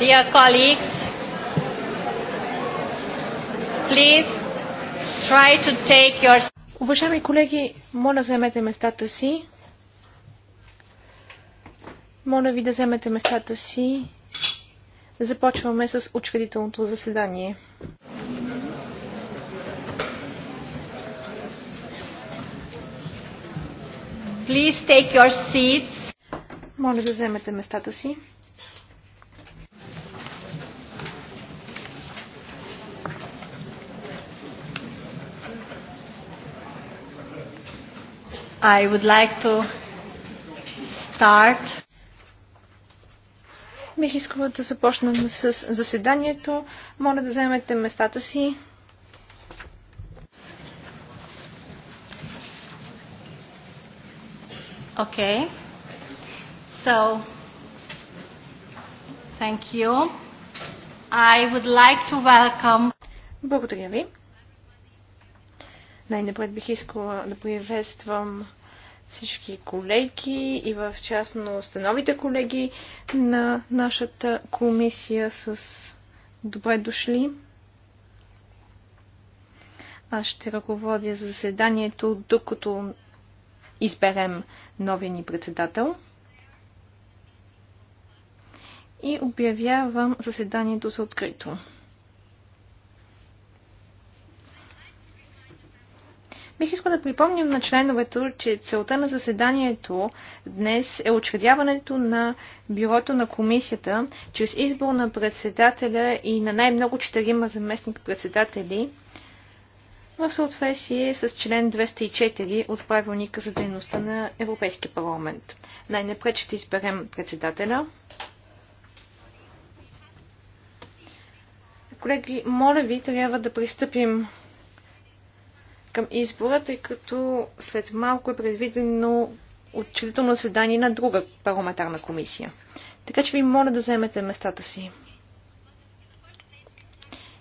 Dear colleagues, please try to take your... Уважаеми колеги, моля вземете местата си. Моля ви да вземете местата си. Започваме с учредителното заседание. Please take your seats. Моля да вземете местата си. I would like to start. Бих искала да започнем с заседанието. Моля да вземете местата си. Okay. So, thank you. I would like to welcome. Благодаря ви. Най-напред бих искала да приветствам всички колеги и в частност новите колеги на нашата комисия с добре дошли. Аз ще ръководя заседанието, докато изберем новия ни председател. И обявявам заседанието за открито. Бих искал да припомням на членовете, че целта на заседанието днес е учредяването на бюрото на комисията чрез избор на председателя и на най-много четирима заместник-председатели в съответствие с член 204 от правилника за дейността на Европейския парламент. Най-напред ще изберем председателя. Колеги, моля ви, трябва да пристъпим към избора, тъй като след малко е предвидено отчелително заседание на друга парламентарна комисия. Така че ви моля да вземете местата си.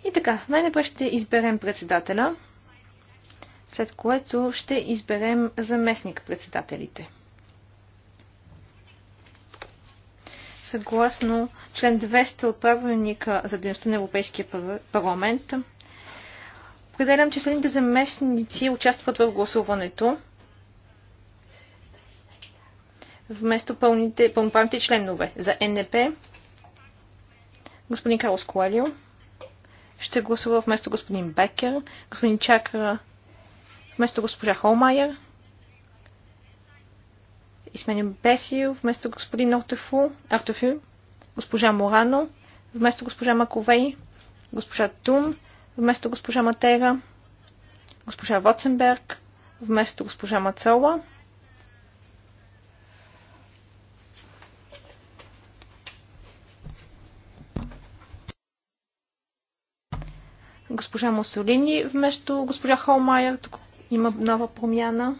И така, най-напред ще изберем председателя, след което ще изберем заместник-председателите. Съгласно член 200 от правилника за дейността на Европейския парламент, Определям, че следните заместници участват в гласуването вместо пълните, пълноправните членове. За НДП господин Карлос Коелио ще гласува вместо господин Бекер, господин Чакра вместо госпожа Холмайер, Исменен Бесио вместо господин Ортефу, Артефю, госпожа Морано вместо госпожа Маковей, госпожа Тум вместо госпожа Матера, госпожа Воценберг, вместо госпожа Мацола. Госпожа Мусолини вместо госпожа Холмайер. Тук има нова промяна.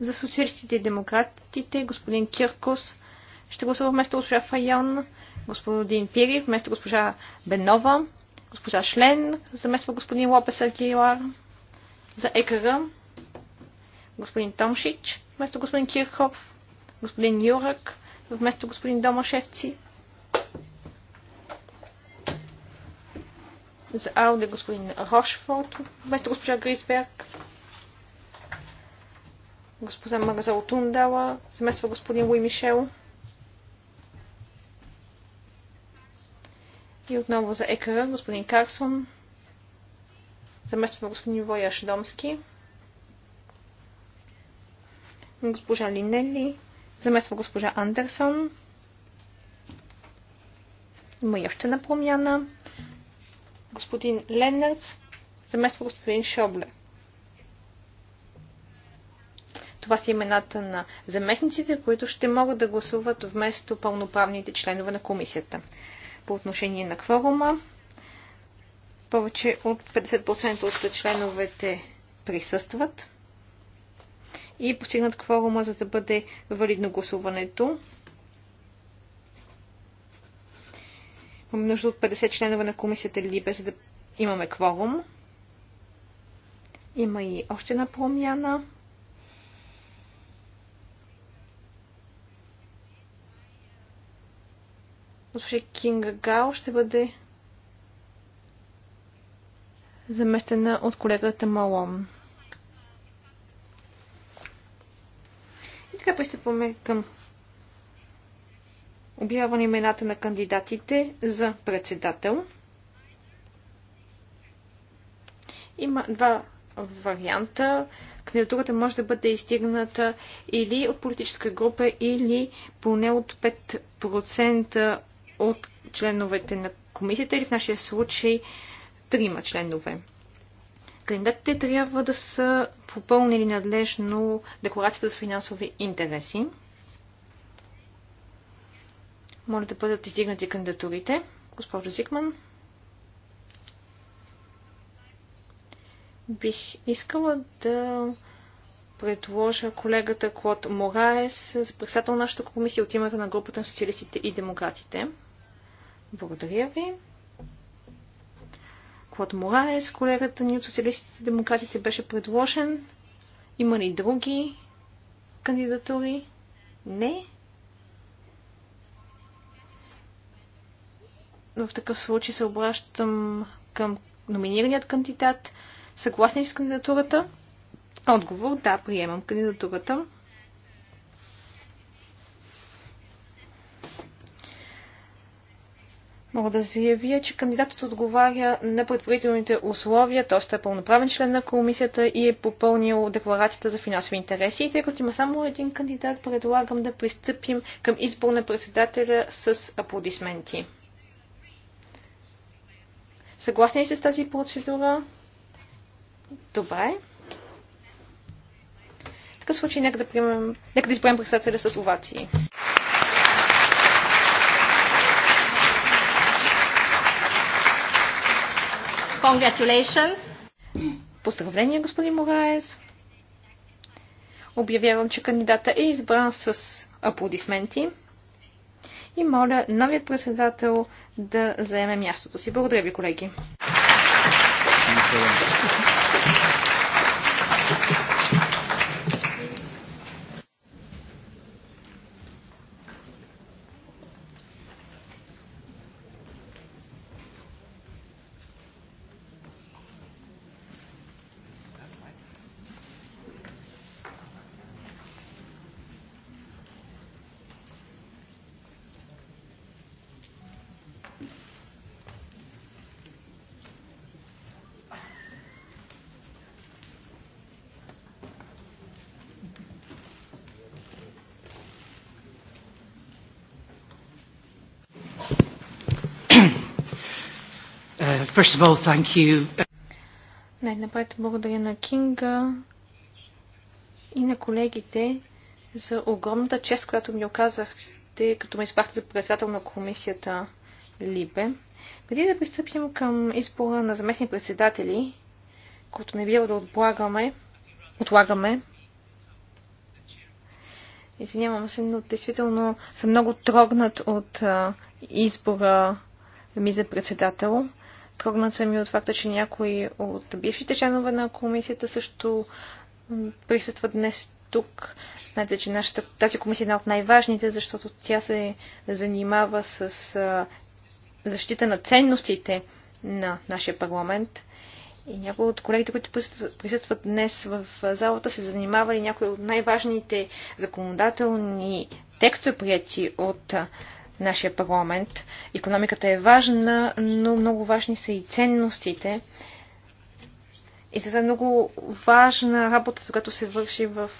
За социалистите и демократите господин Киркос – ще гласува вместо госпожа Файон, господин Пири, вместо госпожа Бенова, госпожа Шлен, замества господин Лопес Агилар, за ЕКР, господин Томшич, вместо господин Кирхов, господин Юрък, вместо господин Домашевци, за Ауде господин Рошфорд, вместо госпожа Грисберг, госпожа Марзал Тундала, замества господин Луи Мишел, И отново за ЕКР, господин Карсон. Замества господин Вояш Домски. Госпожа Линели, Замества госпожа Андерсон. Има и още една промяна. Господин Ленърц. Замества господин Шобле. Това са имената на заместниците, които ще могат да гласуват вместо пълноправните членове на комисията по отношение на кворума. Повече от 50% от членовете присъстват и постигнат кворума, за да бъде валидно гласуването. Имаме нужда от 50 членове на комисията Либе, за да имаме кворум. Има и още една промяна. госпожа Кинга Гао ще бъде заместена от колегата Малон. И така пристъпваме към обявяване имената на кандидатите за председател. Има два варианта. Кандидатурата може да бъде изтигната или от политическа група, или поне от 5% от членовете на комисията или в нашия случай трима членове. Кандидатите трябва да са попълнили надлежно декларацията за финансови интереси. Моля да бъдат издигнати кандидатурите. Госпожо Зикман. Бих искала да предложа колегата Клод Мораес за председател на нашата комисия от името на групата на социалистите и демократите. Благодаря ви. Клод Мораес, колегата ни от социалистите и демократите, беше предложен. Има ли други кандидатури? Не. В такъв случай се обръщам към номинираният кандидат. Съгласни с кандидатурата? Отговор – да, приемам кандидатурата. мога да заявя, че кандидатът отговаря на предварителните условия, т.е. е пълноправен член на комисията и е попълнил декларацията за финансови интереси. И тъй като има само един кандидат, предлагам да пристъпим към избор на председателя с аплодисменти. Съгласни ли сте с тази процедура? Добре. В такъв случай нека да, приемем, нека да изберем председателя с овации. Congratulations. Поздравление, господин Мораес. Обявявам, че кандидата е избран с аплодисменти. И моля новият председател да заеме мястото си. Благодаря ви, колеги. Thank you. you. Най-напред благодаря на Кинга и на колегите за огромната чест, която ми оказахте, като ме избрахте за председател на комисията Либе. Преди да пристъпим към избора на заместни председатели, които не бива да отлагаме, отлагаме, извинявам се, но действително съм много трогнат от избора ми за председател. Тръгнат съм и от факта, че някои от бившите членове на комисията също присъстват днес тук. Знаете, че нашата, тази комисия е една от най-важните, защото тя се занимава с защита на ценностите на нашия парламент. И някои от колегите, които присъстват днес в залата, се занимавали някои от най-важните законодателни текстове, прияти от нашия парламент. Економиката е важна, но много важни са и ценностите. И затова е много важна работа, която се върши в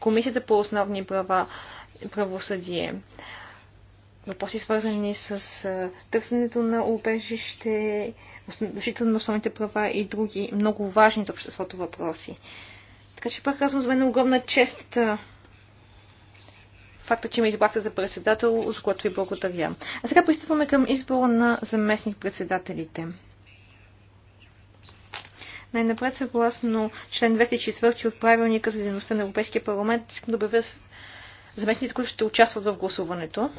Комисията по основни права и правосъдие. Въпроси свързани с търсенето на убежище, защита на основните права и други много важни за обществото въпроси. Така че пак казвам, за мен е огромна чест факта, че ме избрахте за председател, за което ви благодаря. А сега пристъпваме към избора на заместник-председателите. Най-напред, съгласно член 204 от правилника за дейността на Европейския парламент, искам да обявя заместниците, които ще участват в гласуването.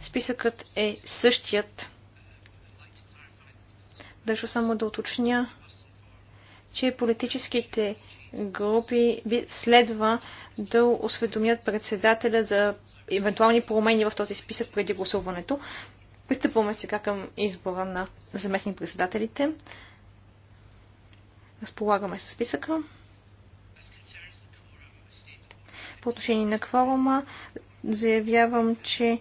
Списъкът е същият. Държа само да уточня, че политическите групи би следва да осведомят председателя за евентуални промени в този списък преди гласуването. Пристъпваме сега към избора на заместни председателите. Разполагаме с списъка. По отношение на кворума заявявам, че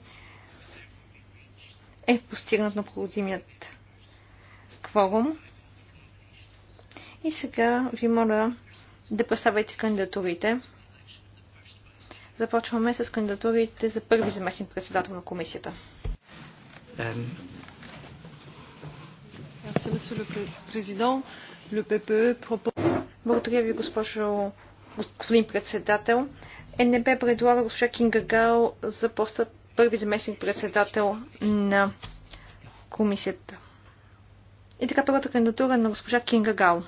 е постигнат необходимият кворум. И сега ви моля да представите кандидатурите. Започваме с кандидатурите за първи заместник председател на комисията. Благодаря ви, госпожо, господин председател. НБ предлага госпожа Кинга Гал за поста първи заместник председател на комисията. И така първата кандидатура е на госпожа Кинга Гал.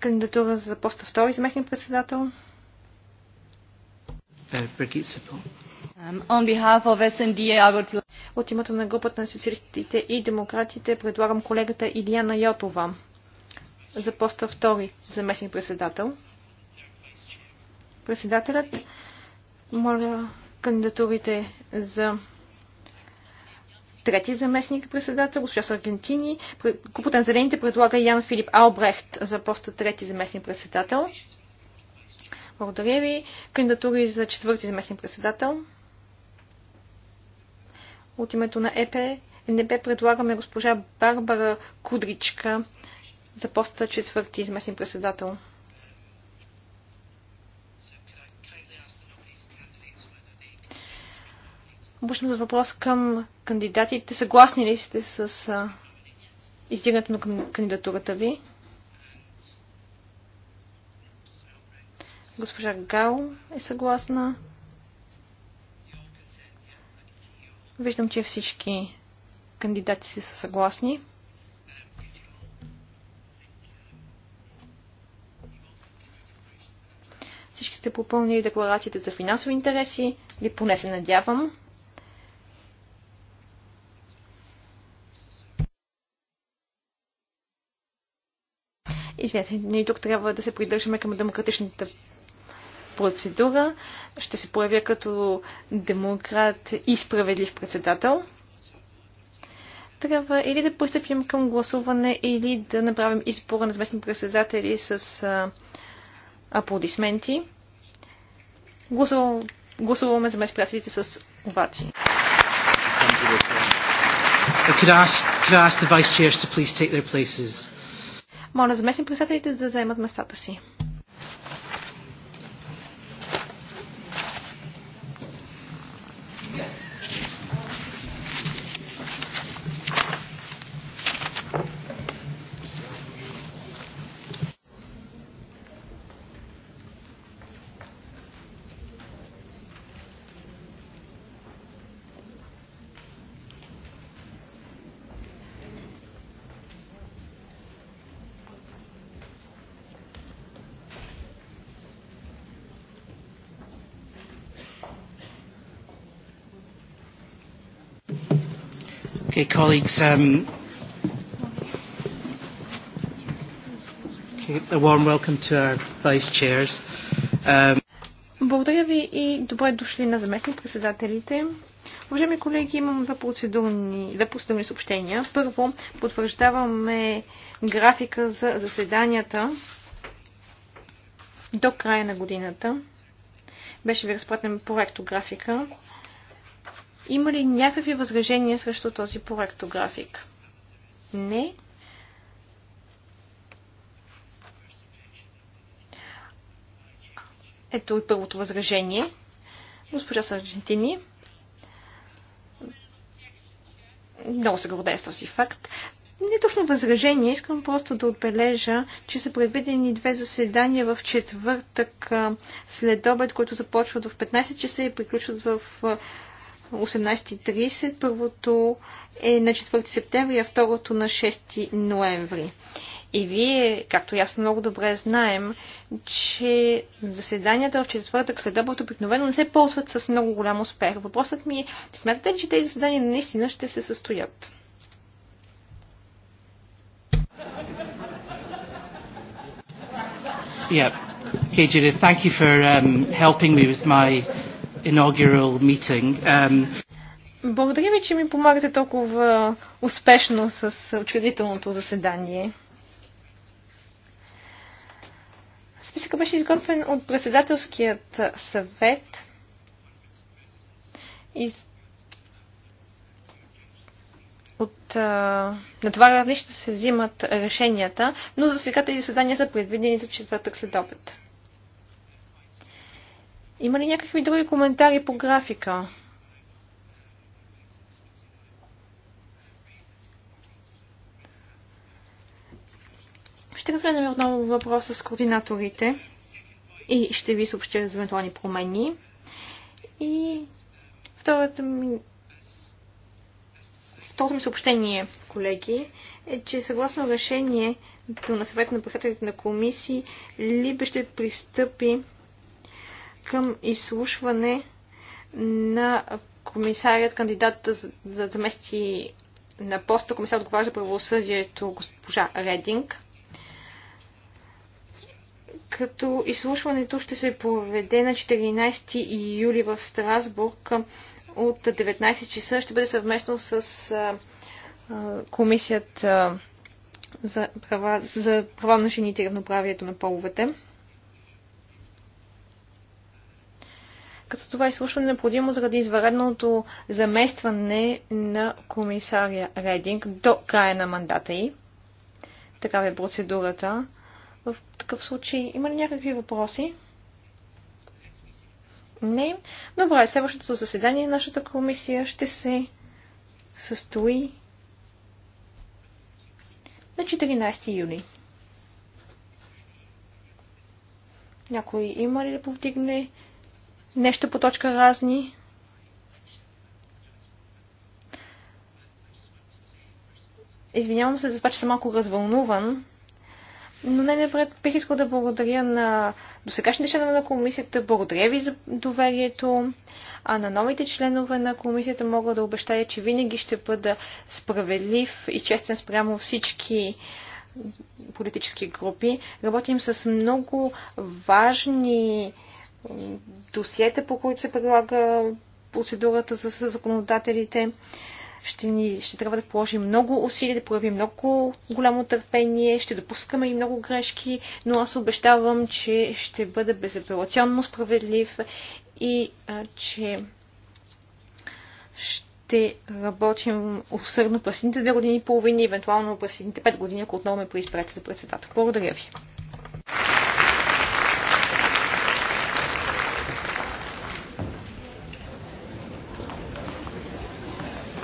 Кандидатура за поста втори заместник председател. Uh, um, От името на групата на социалистите и демократите предлагам колегата Илияна Йотова за поста втори заместник председател. Председателят моля кандидатурите за трети заместник председател, госпожа Саргентини. Купата на зелените предлага Ян Филип Албрехт за поста трети заместник председател. Благодаря ви. Кандидатури за четвърти заместник председател. От името на ЕП НБ предлагаме госпожа Барбара Кудричка за поста четвърти заместник председател. Обръщам за въпрос към кандидатите. Съгласни ли сте с издигането на кандидатурата ви? Госпожа Гал е съгласна. Виждам, че всички кандидати си са съгласни. Всички сте попълнили декларациите за финансови интереси, Ли, поне се надявам. Извинете, ние тук трябва да се придържаме към демократичната процедура. Ще се появя като демократ и справедлив председател. Трябва или да пристъпим към гласуване, или да направим избора на заместни председатели с а, аплодисменти. Гласуваме, гласуваме за председателите с овации. Could I ask, could I ask the vice chairs to please take their places? Моля заместни председателите да заемат местата си. Okay, colleagues, um, okay, a warm welcome to our vice chairs. Um, Благодаря ви и добре дошли на заместник председателите. Уважаеми колеги, имам два процедурни, две процедурни съобщения. Първо, потвърждаваме графика за заседанията до края на годината. Беше ви разпратен проектографика. графика има ли някакви възражения срещу този проектографик? Не. Ето и първото възражение. Госпожа Саржентини. Много се гордея с този факт. Не точно възражение, искам просто да отбележа, че са предвидени две заседания в четвъртък след обед, които започват в 15 часа и приключват в 18.30. Първото е на 4 септември, а второто на 6 ноември. И вие, както ясно много добре знаем, че заседанията в четвъртък след обед обикновено не се ползват с много голям успех. Въпросът ми е, смятате ли, че тези заседания наистина ще се състоят? Yeah. Okay, Judith, thank you for um, helping me with my inaugural meeting. Um... Благодаря ви, че ми помагате толкова успешно с учредителното заседание. Списъкът беше изготвен от председателският съвет и от а, на това равнище се взимат решенията, но за сега тези заседания са предвидени за четвъртък след обед. Има ли някакви други коментари по графика? Ще разгледаме отново въпроса с координаторите и ще ви съобщя за евентуални промени. И втората ми Второто ми съобщение, колеги, е, че съгласно решението на съвета на председателите на комисии, Либе ще пристъпи към изслушване на комисарият, кандидат за замести на поста комисар отговаря за правосъдието госпожа Рединг. Като изслушването ще се проведе на 14 юли в Страсбург от 19 часа. Ще бъде съвместно с комисията за права, за права на жените и равноправието на половете. като това изслушване е необходимо заради изваредното заместване на комисария Рединг до края на мандата й. Такава е процедурата. В такъв случай има ли някакви въпроси? Не. Добре, следващото заседание нашата комисия ще се състои на 14 юли. Някой има ли да повдигне Нещо по точка разни. Извинявам се за това, че съм малко развълнуван, но не напред бих искал да благодаря на досегашните членове на комисията, благодаря ви за доверието, а на новите членове на комисията мога да обещая, че винаги ще бъда справедлив и честен спрямо всички политически групи. Работим с много важни досиета, по които се предлага процедурата за законодателите. Ще, ни, ще трябва да положим много усилия, да проявим много голямо търпение, ще допускаме и много грешки, но аз обещавам, че ще бъда безапелационно справедлив и а, че ще работим усърдно през следните две години и половина евентуално през следните пет години, ако отново ме преизберете за председател. Благодаря ви.